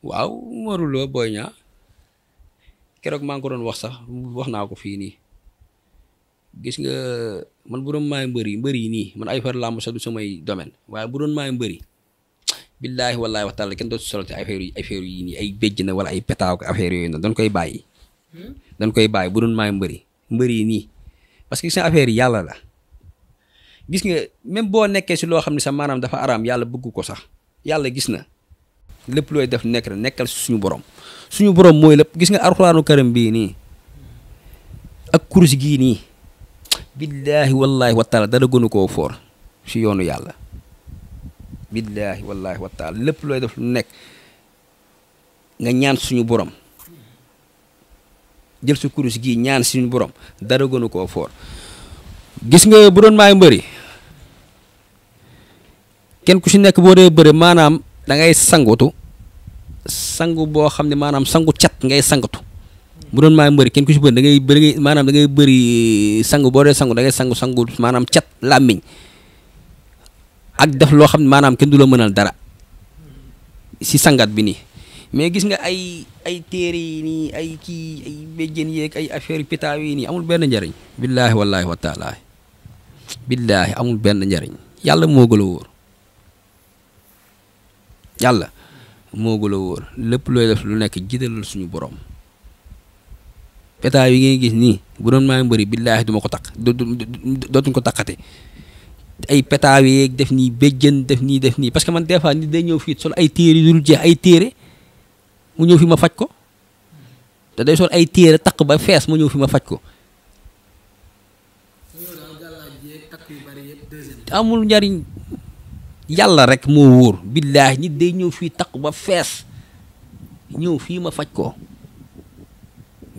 waaw Modou Lo Boy Niang keroog maa ngi ko doon wax sax wax naa ko fii nii gis nga man bu doon maay mbër yi mbër yi nii man ay far làmb sax du samay domaine waaye bu doon maay mbër yi kenn dootu solote affaire yi affaire yi nii ay béjj wala ay petaaw ko yooyu noonu dañ koy bàyyi. Hmm? dañ koy bàyyi bu doon maay mbër yi yi nii parce que gis nga affaire yàlla la gis nga même boo nekkee si loo xam ne sax maanaam dafa araam yàlla bëgg ko sax yàlla gis na. lépp looy def nekk nekkal suñu borom suñu borom mooy lépp gis nga alxuraanu karim bii nii ak kurus gii nii billaahi wallaahi wa taala dara koo foor si yoonu yàlla billaahi wallaahi wa taala lépp looy def lu nekk nga ñaan suñu borom jël si kurus gii ñaan suñu borom dara gënu koo foor gis nga bu doon maay kenn ku si nekk boo dee bëri maanaam da ngay sangutu sangu boo xam ne maanaam sangu cat ngay sangutu mu doon maa mbëri kenn ku ci bëri da ngay bëri maanaam da ngay bëri sangu boo dee sangu da ngay sangu sangu maanaam cat làmmiñ ak def loo xam ne maanaam kenn du la mënal dara si sangat bi nii mais gis nga ay ay téere nii ay kii ay béjjén yeeg ay affaire pitaaw yi nii amul benn njariñ billaahi wallaahi wa billaahi amul benn njariñ yàlla moo gën a yàlla moo gën a wóor lépp looy def lu nekk jiitalal suñu boroom pétard yi ngay gis nii bu doon maa mbëri billaahi du ma ko takk dootuñ ko taqate ay pétard yeeg def nii béjjën def nii def nii parce que man des fois nit day ñëw fii sol ay téere yu dul jeex ay téere mu ñëw fi ma faj ko te sol ay téere taq ba fees mu ñëw fi ma faj ko. amul njariñ yàlla rek moo wóor billaahi nit day ñëw fii taq ba fees ñëw fii ma faj ko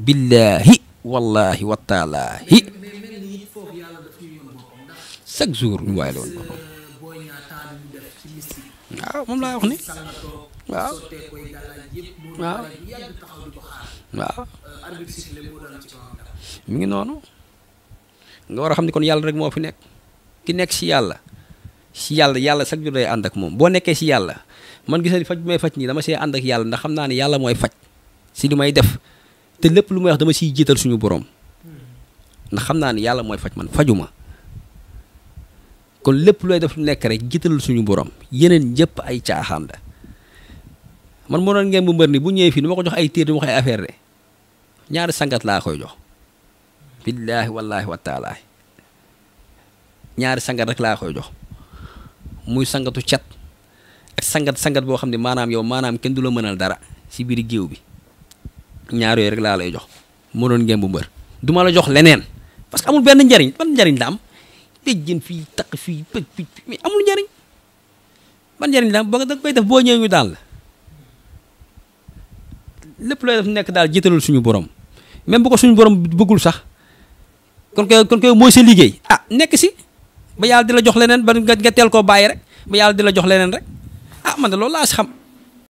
billaahi wallaahi wa taalaahi chaque ñu waay loolu moom laa wax ni waaw ngi noonu nga war a xam ni kon yàlla rek moo fi nekk ki nekk si yàlla si yàlla yàlla sag jour day ànd moom boo nekkee si yàlla man gis faj mooy faj nii dama see ànd ak yàlla ndax xam naa ne yàlla mooy faj si li may def te lépp lu may wax dama siy jiital suñu borom ndax xam naa ne yàlla mooy faj man fajuma kon lépp looy def nekk rek jiital suñu borom yeneen yëpp ay caaxaan la man moo doon ngeen bu mbër ni bu ñëwee fii du ma ko jox ay téer du ma ko ay affaire de ñaari sangat laa koy jox billaahi wallaahi wa taala ñaari sangat rek laa koy jox muy sangatu cat sangat sangat boo xam ne maanaam yow maanaam kenn du la mënal dara si biir géew bi ñaar yooyu rek laa lay jox moo doon ngeen bu mbër du ma la jox leneen parce que amul benn njariñ ban njariñ la am tëj fii taq fii pëj amul njariñ ban njariñ la am ba nga koy def boo ñëwee ñu daal la lépp looy def nekk daal jiitalul suñu borom même bu ko suñu borom bëggul sax kon ko kon koy liggéey ah nekk si ba yàlla di la jox leneen ba nga teel koo bàyyi rek ba yàlla di la jox leneen rek ah man de xam.